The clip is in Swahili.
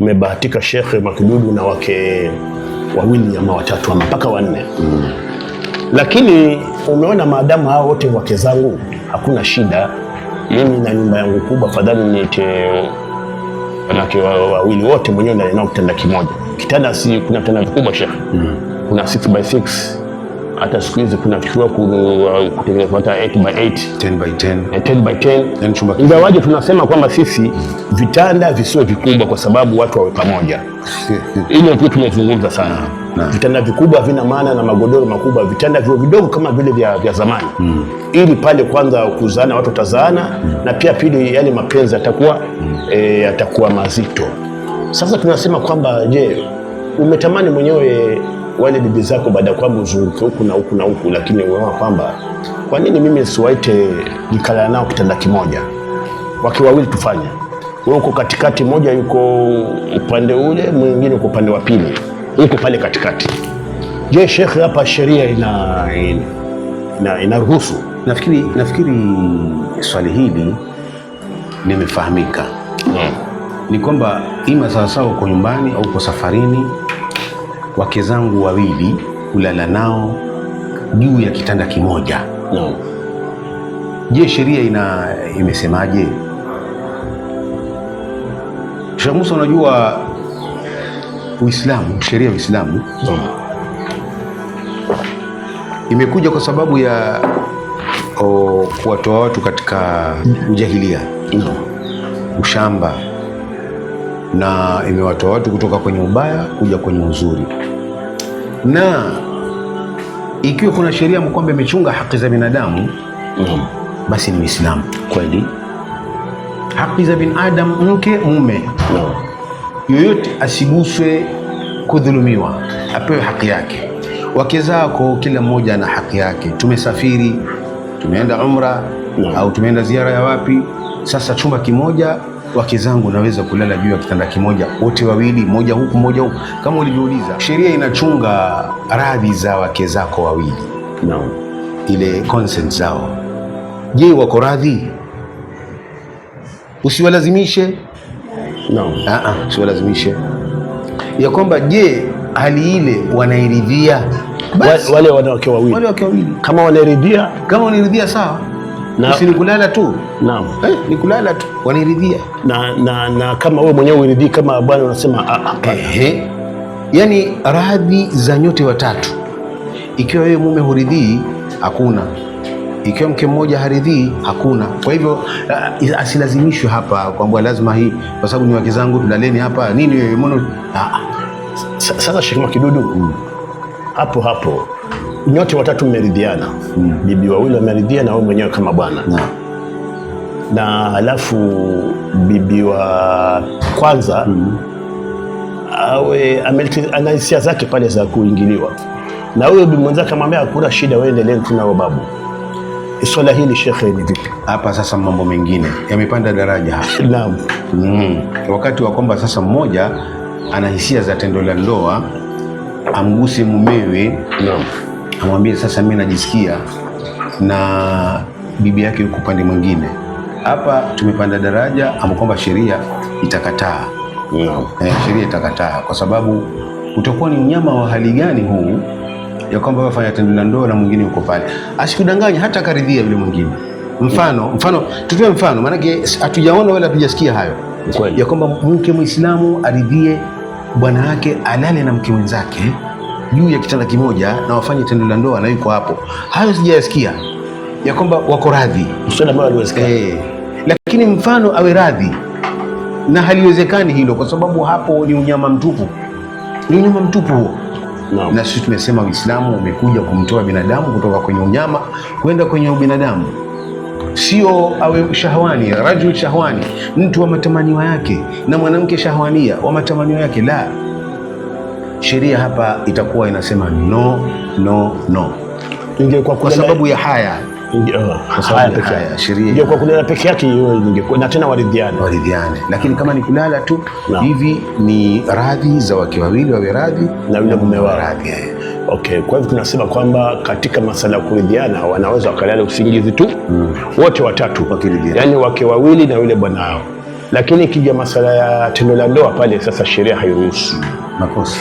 umebahatika Shekhe Makidudu na wake wawili ama watatu ama mpaka wanne mm. Lakini umeona, maadamu hao wote wake zangu, hakuna shida. Mimi na nyumba yangu kubwa, fadhali niite wanawake wawili wote mwenyewe, ndio nao kitanda kimoja. Kitanda si kuna vitanda vikubwa Shekhe mm. kuna 6 by 6 hata siku hizi kunachukiwa uh, kutengenezwa hata 8 by 8 10 by 10 10 eh, by 10 yaani ingawaje tunasema kwamba sisi vitanda visiwe vikubwa kwa sababu watu wawe pamoja. ile tu tumezungumza sana na. Vitanda vikubwa vina maana na magodoro makubwa, vitanda vio vidogo kama vile vya, vya zamani mm. Ili pale kwanza kuzaana watu watazaana mm. Na pia pili, yale mapenzi yatakuwa mm. E, yatakuwa mazito. Sasa tunasema kwamba je, umetamani mwenyewe wale bibi zako, baada ya kwamba uzunguke huku na huku na huku, lakini unaona kwamba kwa nini mimi siwaite nikala nao kitanda kimoja, wakiwa wawili tufanye, wewe uko katikati, moja yuko upande ule, mwingine uko upande wa pili, uko pale katikati. Je, shekhe, hapa sheria ina inaruhusu? Ina, nafikiri, nafikiri swali hili limefahamika. Hmm. Ni kwamba ima sawasawa uko nyumbani au uko safarini wake zangu wawili kulala nao juu ya kitanda kimoja no. Je, sheria ina imesemaje? Sheikh Musa, unajua Uislamu, sheria ya Uislamu no. imekuja kwa sababu ya oh, kuwatoa watu katika mm. ujahilia no. ushamba na imewatoa watu kutoka kwenye ubaya kuja kwenye uzuri, na ikiwa kuna sheria kwamba imechunga haki za binadamu mm, basi ni Uislamu kweli. Haki za binadamu, mke mume, no. yoyote asiguswe kudhulumiwa, apewe haki yake. Wake zako, kila mmoja ana haki yake. Tumesafiri, tumeenda umra no. au tumeenda ziara ya wapi, sasa chumba kimoja wake zangu naweza kulala juu ya kitanda kimoja, wote wawili, moja huku moja huku. Kama ulivyouliza, sheria inachunga radhi za wake zako wawili no. ile consent zao. Je, wako radhi? Usiwalazimishe no. uh-uh, usiwalazimishe ya kwamba je, hali ile wanairidhia wale wanawake wawili, wale wake wawili kama wanairidhia, kama wanairidhia sawa si kulala tu naam, eh, kulala tu waniridhia na, na, na kama wewe mwenyewe uridhii kama bwana unasema ah, ah, ah. ehe, yani radhi za nyote watatu. Ikiwa wewe mume huridhii, hakuna ikiwa mke mmoja haridhii hakuna. Kwa hivyo asilazimishwe hapa kwamba lazima hii, kwa sababu ni wake zangu, tulaleni hapa nini wewe mbona. Sasa Sheikh kidudu mm. hapo hapo nyote watatu mmeridhiana mm. Bibi wawili wameridhia na wewe mwenyewe kama bwana mm. Na alafu bibi wa kwanza mm. awe ana hisia zake pale za kuingiliwa na huyo bibi mwenzake amwambia hakuna shida, wewe endelee babu. Swala hili shekhe, ni vipi hapa sasa? Mambo mengine yamepanda daraja hapa naam. mm. Wakati wa kwamba sasa mmoja ana hisia za tendo la ndoa amguse mumewe, naam amwambie sasa, mimi najisikia na bibi yake yuko upande mwingine hapa, tumepanda daraja ama kwamba sheria itakataa. No. Mm. Eh, sheria itakataa kwa sababu utakuwa ni mnyama wa hali gani huu ya kwamba wafanya tendo la ndoa na mwingine yuko pale, asikudanganya hata akaridhia yule mwingine. Mfano, mm. mfano tutoe mfano, maanake hatujaona wala hatujasikia hayo ya kwamba mke Mwislamu aridhie bwana wake alale na mke mwenzake juu ya kitanda kimoja na wafanye tendo la ndoa na yuko hapo. Hayo sijayasikia ya kwamba wako radhi eh, lakini mfano awe radhi na haliwezekani hilo, kwa sababu hapo ni unyama mtupu, ni unyama mtupu huo no. Na sisi tumesema Uislamu umekuja kumtoa binadamu kutoka kwenye unyama kwenda kwenye ubinadamu, sio awe shahwani, rajul shahwani, mtu wa matamanio yake, na mwanamke shahwania wa matamanio yake, la sheria hapa itakuwa inasema no, no, no ingekuwa kwa sababu ya haya oh, kwa kulala peke yake na tena waridhiane, waridhiane. Lakini kama ni kulala tu hivi ni radhi za wake wawili wawe radhi na yule mume wa radhi. Okay, kwa hivyo tunasema kwamba katika masala ya kuridhiana wanaweza wakalala usingizi tu mm. wote watatu wakiridhiana, yani wake wawili na yule bwana wao, lakini ikija masala ya tendo la ndoa pale sasa sheria hairuhusu mm. makosa.